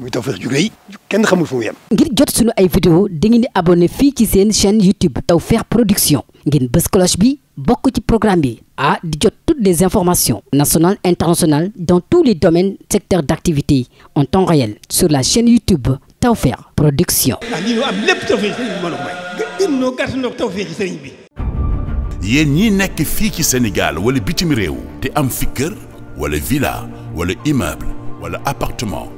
muy Tawfekh ju rëy kenn xamul fu mu yem. ngir jot sunu ay vidéo dangeen di abonné fii ci seen chaîne YouTube Tawfekh Production ngeen bës cloche bi bokk ci programme bi ah di jot toutes les informations nationales internationales dans tous les domaines secteurs d'activité en temps réel sur la chaine YouTube Tawfekh Production. ah lii am yéen ñii nekk fii ci Sénégal wala bitim réew te am fi kër wala villa wala immeuble wala appartement.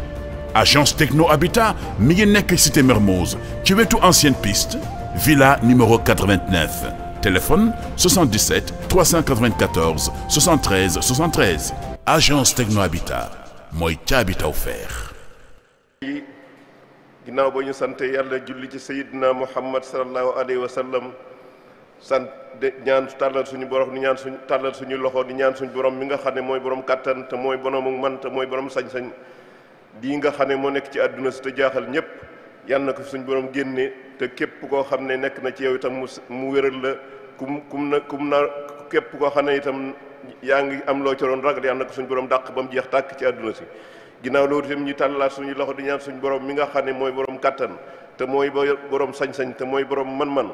agence techno habitat mi ngi nekk cité Mermoz ci wetu ancienne piste villa numéro 89 téléphone 77 394 73 73 agence techno habitat mooy ca habitat offert. ginnaaw ba ñu sant yàlla julli ci sayidina muhammad sallallahu alayhi wa sallam sant de ñaan tàllal suñu borom di ñaan suñu tàllal suñu loxo di ñaan suñu borom mi nga xam ne mooy borom kàttan te mooy borom man te mooy borom sañ-sañ. lii nga xam ne moo nekk ci àdduna si te jaaxal ñëpp yal na ko suñu boroom génne te képp koo xam ne nekk na ci yow itam mu mu wéral la kum kum na kum na képp koo xam ne itam yaa ngi am loo coroon ragal yal na suñ borom dàq ba mu jeex tàkk ci àdduna si ginnaaw loolu itam ñu tàllaat suñu loxo di ñaan suñu borom mi nga xam ne mooy borom kattan te mooy borom sañ-sañ te mooy borom man-man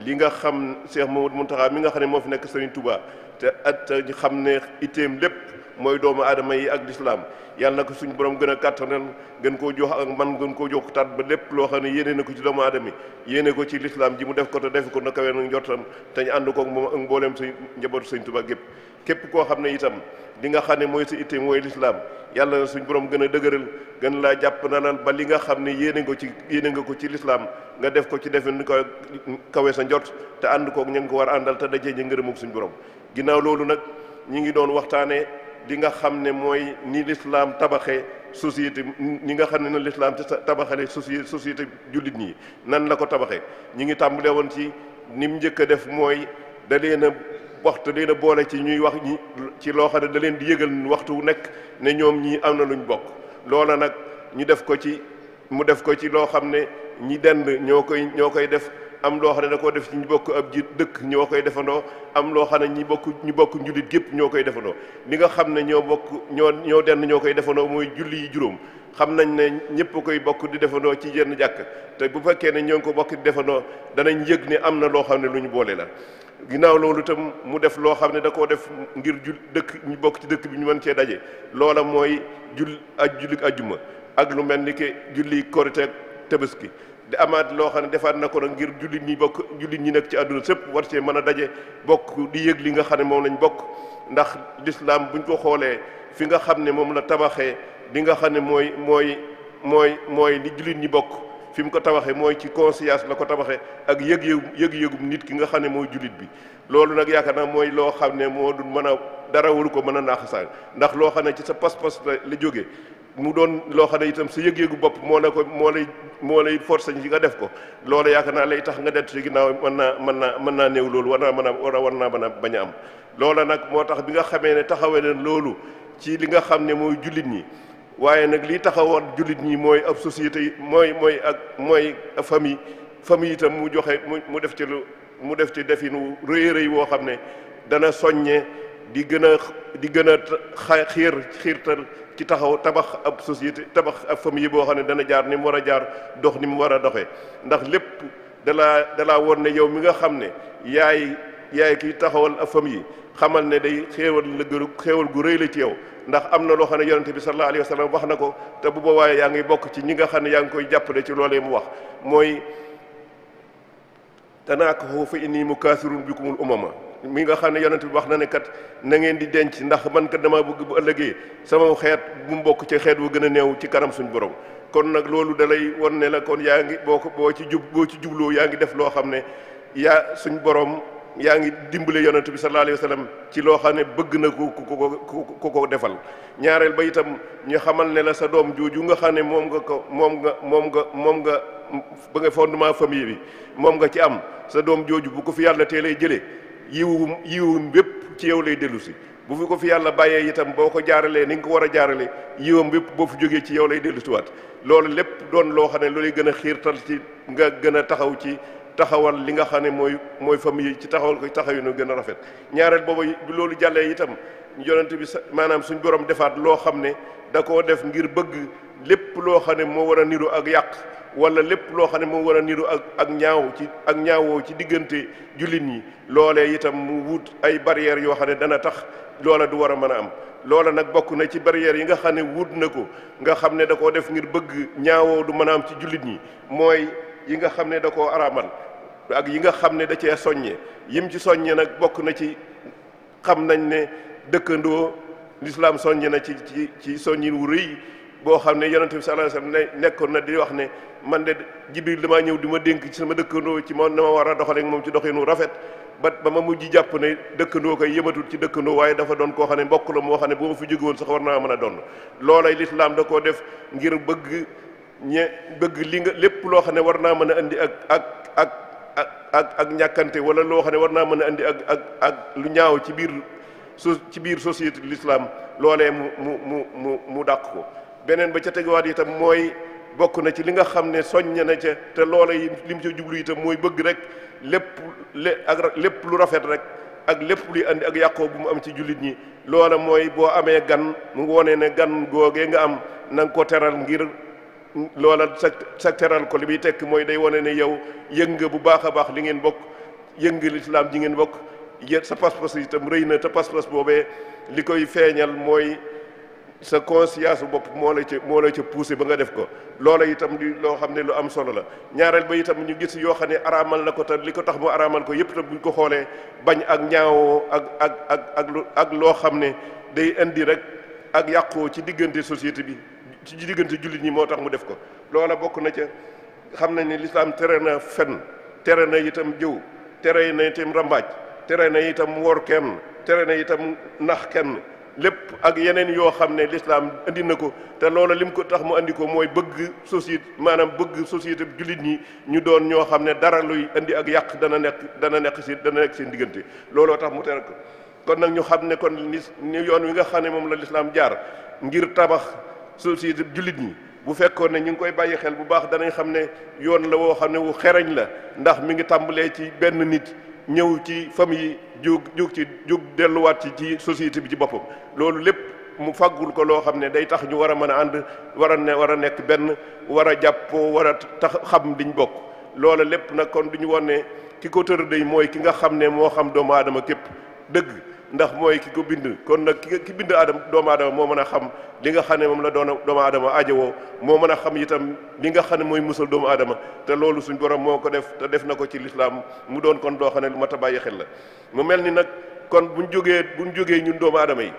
li nga xam Cheikh Mamadou Mountakha mi nga xam ne moo fi nekk Serigne Touba te at ñu xam ne itteem lépp. mooy doomu aadama yi ak lislaam yàlla na ko suñu borom gën a kàttanal gën koo jox ak man gën koo jox taat ba lépp loo xam ne yéene na ko ci doomu aadama yi yéene ko ci lislaam ji mu def ko te def ko na kawee nag njortam te ñu ànd koog moom ak mbooleem suñ njabootu sëñ Tuubaa gépp képp koo xam ne itam li nga xam ne mooy sa itte mooy lislaam yàlla suñ borom gën a dëgëral gën laa jàpp na lan ba li nga xam ne yéene nga ci yéene nga ko ci lislaam nga def ko ci defe ni ko kawe sa njort te ànd koog ña ngi ko war àndal te dajee ñu ngërëm ak suñ borom ginnaaw loolu nag ñi ngi doon waxtaanee li nga xam ne mooy ni lislaam tabaxee société ñi nga xam ne na lislaam tabaxale société société jullit ñi nan la ko tabaxee ñi ngi tàmbalee woon ci ni mu njëkk a def mooy da leen a waxtu leen a boole ci ñuy wax ñi ci loo xam ne da leen di yëgal waxtu wu nekk ne ñoom ñii am na luñ bokk loola nag ñu def ko ci mu def ko ci loo xam ne ñi dend ñoo koy ñoo koy def am loo xam ne da koo def ci ñu bokk ab ji dëkk ñoo koy defandoo am loo xam ne ñi bokk ñu bokk njulit gépp ñoo koy defandoo li nga xam ne ñoo bokk ñoo ñoo denn ñoo koy defandoo mooy julli yi juróom xam nañ ne ñëpp koy bokk di defandoo ci jenn jàkk te bu fekkee ne ñoo ko bokk defandoo danañ yëg ne am na loo xam ne lu ñu boole la ginnaaw loolu itam mu def loo xam ne da koo def ngir jul dëkk ñu bokk ci dëkk bi ñu mën cee daje loola mooy jul ak julli ajjuma ak lu mel ni ki julli korite ak tabaski di amaat loo xam ne defaat na ko nag ngir jullit ñi bokk jullit ñi nag ci àdduna sëpp war cee mën a daje bokk di yëg li nga xam ne moom lañ bokk ndax lislaam buñ ko xoolee fi nga xam ne moom la tabaxee li nga xam ne mooy mooy mooy mooy li jullit ñi bokk fi mu ko tabaxee mooy ci conscience la ko tabaxee ak yëg-yëg yëg-yëgum nit ki nga xam ne mooy jullit bi loolu nag yaakaar naa mooy loo xam ne moo dul mën a dara waru ko mën a naaxasaan ndax loo xam ne ci sa pas-pas la jóge mu doon loo xam ne itam sa yëg-yëgu bopp moo la ko moo lay moo lay forcé ñi nga def ko loolu yaakaar naa lay tax nga dett ci ginnaaw mën naa mën naa mën naa néew loolu war naa mën a war a war naa am loola nag moo tax bi nga xamee ne taxawe leen loolu ci li nga xam ne mooy jullit ñi waaye nag lii taxawoon jullit ñi mooy ab société mooy mooy ak mooy famille famille itam mu joxe mu mu def ci lu mu def ci definu rëy rëy woo xam ne dana soññe di gën a di gën a xiir xiirtal ci taxaw tabax ab societé tabax ab famille boo xam ne dana jaar ni mu war a jaar dox ni mu war a doxee ndax lépp dalaa dalaa woon ne yow mi nga xam ne yaay yaay kii taxawal ab famille xamal ne day xéewal la gëru xéewal gu rëy la ci yow ndax am na loo xam ne yonente bi sallallahu alayhi wa wax na ko te bu boobaa yaa ngi bokk ci ñi nga xam ne yaa ngi koy jàppale ci loolee mu wax mooy tanakahu fa inni mukaasirun bikumul umama mi nga xam ne yonent bi wax na ne kat na ngeen di denc ndax man kat dama bëgg bu ëllëgee sama xeet bu mu bokk ci xeet wu gën a néew ci kanam suñu borom kon nag loolu dalay won ne la kon yaa ngi boo ko boo ci jub ci jubloo yaa ngi def loo xam ne yaa suñ borom yaa ngi dimbale yonent bi sa alayhi wa sallam ci loo xam ne bëgg na ku ku ko ku ko defal ñaareel ba itam ñu xamal ne la sa doom jooju nga xam ne moom nga ko moom nga moom nga moom nga ba nga fondement famille bi moom nga ci am sa doom jooju bu ko fi yàlla teelee jëlee yiwu yiwum bépp ci yow lay dellu si bu fi ko fi yàlla bàyyee itam boo ko jaaralee ni nga ko war a jaarale yiwam bépp boo fi jógee ci yow lay dellu si waat loolu lépp doon loo xam ne lu lay gën a xiirtal ci nga gën a taxaw ci taxawal li nga xam ne mooy mooy famille ci taxawal ko taxaw yi nu gën a rafet ñaareel booba loolu jàllee itam yonent bi sa maanaam suñ borom defaat loo xam ne da koo def ngir bëgg lépp loo xam ne moo war a niru ak yàq wala lépp loo xam ne moo war a niru ak ak ñaaw ci ak ñaawoo ci diggante jullit ñi loolee itam mu wut ay barrières yoo xam ne dana tax loola du war a mën a am loola nag bokk na ci barrières yi nga xam ne wut na ko nga xam ne da koo def ngir bëgg ñaawoo du mën a am ci jullit ñi mooy yi nga xam ne da ko araamal ak yi nga xam ne da cee soññe yim ci soññe nag bokk na ci xam nañ ne dëkkandoo lislaam soññe na ci ci ci soññin wu rëy boo xam ne yonent bi sallallahu alayhi wasallam nekkoon na di wax ne man de jibril damaa ñëw di ma dénk ci sama dëkkandoo ci moom na war a doxaleeg moom ci doxinu rafet ba ba ma mujj jàpp ne dëkkandoo koy yëmatul ci dëkkandoo waaye dafa doon koo xam ne mbokk la moo xam ne bu ma fi jóge woon sax war naa mën a doon loolay lislaam da koo def ngir bëgg ñe bëgg li nga lépp loo xam ne war naa mën a andi ak ak ak ak ak ñàkkante wala loo xam ne war naa mën a andi ak ak ak lu ñaaw ci biir su ci biir société l'islam loolee mu mu mu mu mu dàq ko beneen ba ca teguwaat itam mooy bokk na ci li nga xam ne soññ na ca te loola yi li mu ca jublu itam mooy bëgg rek lépp le lépp lu rafet rek ak lépp luy àndi ak yàqo bu mu am ci jullit ñi loola mooy boo amee gan mu wone ne gan googee nga am na nga ko teral ngir loola sa sa teral ko li muy tekk mooy day wone ne yow yëng nga bu baax a baax li ngeen bokk yëng lislaam ji ngeen bokk sa pas-pas itam rëy na te pas-pas boobee li koy feeñal mooy sa conscience bopp moo la ca moo la ca poussé ba nga def ko loola itam di loo xam ne lu am solo la ñaareel ba itam ñu gis yoo xam ne araamal na ko te li ko tax mu araamal ko yëpp itam buñ ko xoolee bañ ak ñaawoo ak ak ak ak lu ak loo xam ne day indi rek ak yàqoo ci diggante société bi ci diggante jullit ñi moo tax mu def ko loola bokk na ca xam nañ ne lislaam tere na fen tere na itam jëw tere na itam rambaaj tere na itam wor kenn tere na itam nax kenn lépp ak yeneen yoo xam ne lislaam indi na ko te li mu ko tax mu indi ko mooy bëgg société maanaam bëgg société jullit ñi ñu doon ñoo xam ne dara luy indi ak yàq dana nekk dana nekk si dana nekk seen diggante looloo tax mu tere kon nag ñu xam ne kon ni yoon wi nga xam ne moom la lislaam jaar ngir tabax société jullit ñi bu fekkoon ne ñu ngi koy bàyyi xel bu baax danañ xam ne yoon la woo xam ne wu xereñ la ndax mi ngi tàmbalee ci benn nit ñëw ci famille jóg jóg ci jóg delluwaat ci ci société bi ci boppam loolu lépp mu fàggul ko loo xam ne day tax ñu war a mën a ànd war a ne war a nekk benn war a jàppoo war a tax xam liñ bokk loola lépp nag kon du ñu won ne ki ko tër day mooy ki nga xam ne moo xam doomu aadama képp dëgg ndax mooy ki ko bind kon nag ki ki bind aadama doomu aadama moo mën a xam li nga xam ne moom la doon doomu aadama ajowoo moo mën a xam itam li nga xam ne mooy musal doomu aadama te loolu suñ borom moo ko def te def na ko ci lislaam mu doon kon doo xam ne lu mat a bàyyi xel la mu mel ni nag kon buñ jógee buñ jógee ñun doomu aadama yi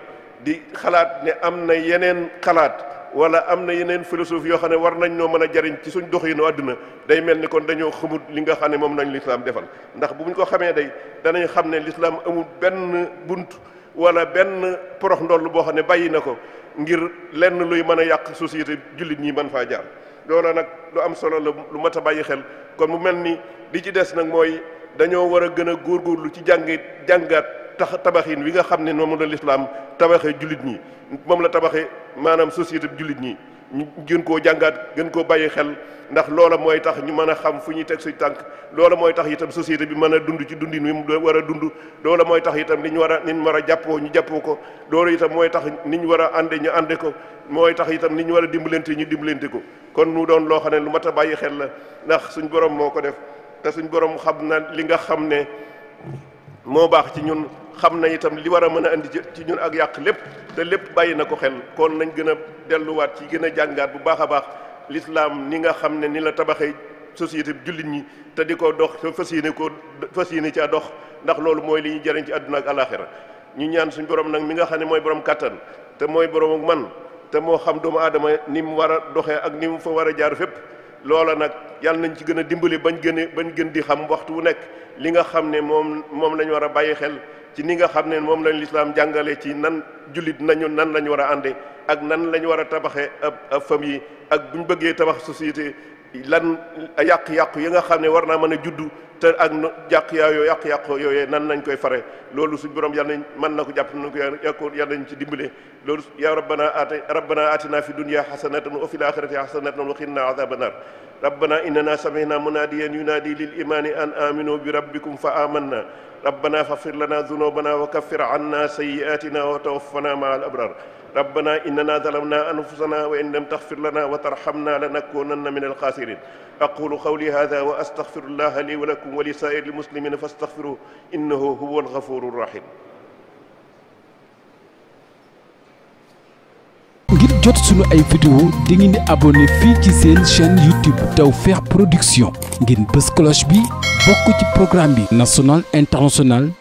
di xalaat ne am na yeneen xalaat wala am na yeneen philosophe yoo xam ne war nañ noo mën a jariñ ci suñ doxinu àdduna day mel ni kon dañoo xamul li nga xam ne moom nañ lislaam defal ndax bu ñu ko xamee day danañ xam ne lislaam amul benn bunt wala benn porox ndoll boo xam ne bàyyi na ko ngir lenn luy mën a yàq société jullit ñi mën faa jaar nag lu am solo la lu mat a bàyyi xel kon mu mel ni li ci des nag mooy dañoo war a gën a góorgóorlu ci jàngi jàngaat tax tabaxin wi nga xam ne moom la lislaam tabaxee jullit ñi moom la tabaxee maanaam société bi jullit ñi ñu gën koo jàngaat gën koo bàyyi xel ndax loola mooy tax ñu mën a xam fu ñuy teg suñ tànk loola mooy tax itam société bi mën a dund ci dundin mi mu war a dund loola mooy tax itam ni ñu war a ni ñu war a jàppoo ñu jàppoo ko loolu itam mooy tax ni ñu war a ànde ñu ànde ko mooy tax itam ni ñu war a dimbalante ñu dimbalante ko kon mu doon loo xam ne lu mat a bàyyi xel la ndax suñ borom moo ko def te suñ borom xam na li nga xam ne moo baax ci ñun xam na itam li war a mën a indi ci ñun ak yàq lépp te lépp bàyyi na ko xel kool nañ gën a delluwaat ci gën a jàngaat bu baax a baax lislaam ni nga xam ne ni la tabaxee société bi jullit ñi te di ko dox te fas yéene ko fas yéene ci dox ndax loolu mooy li ñu jëriñ ci àdduna ak alaxira ñu ñaan suñ borom nag mi nga xam ne mooy borom kàttan te mooy borom ak man te moo xam doomu aadama ni mu war a doxee ak ni mu fa war a jaar fépp loola nag yàlla nañ ci gën a dimbali bañ gën bañ gën di xam waxtu wu nekk li nga xam ne moom moom lañ war a bàyyi xel ci ni nga xam ne moom lañ lislaam jàngale ci nan jullit nañu nan lañ war a ànde ak nan lañ war a tabaxee ab ab famille ak buñ bëggee tabax société lan yàq-yàqu yi nga xam ne war naa mën a juddu te ak jàq yaayoo yàq-yàqoo yooyee nan nañ koy fare loolu suñ borom yàlla nañ mën na ko jàpp nañ ko yàqu yàlla nañ ci dimbale loolu ya rabbana aati rabbana atina fi dunya hasanatan wa fil akhirati hasanatan wa qina adhaban nar rabbana innana sami'na munadiyan yunadi lil imani an aminu bi rabbikum fa amanna rabbana faghfir lana dhunubana wa kaffir anna sayyi'atina wa tawaffana ma'al abrar ربنا إننا ظلمنا أنفسنا وإن لم تغفر لنا وترحمنا لنكونن من الخاسرين أقول قولي هذا وأستغفر الله لي ولكم ولسائر المسلمين فاستغفروه إنه هو الغفور الرحيم ngir jot sunu ay vidéo di di abonné fii ci seen chaîne YouTube Tawfekh Production ngeen bës cloche bi bokk ci programme bi national international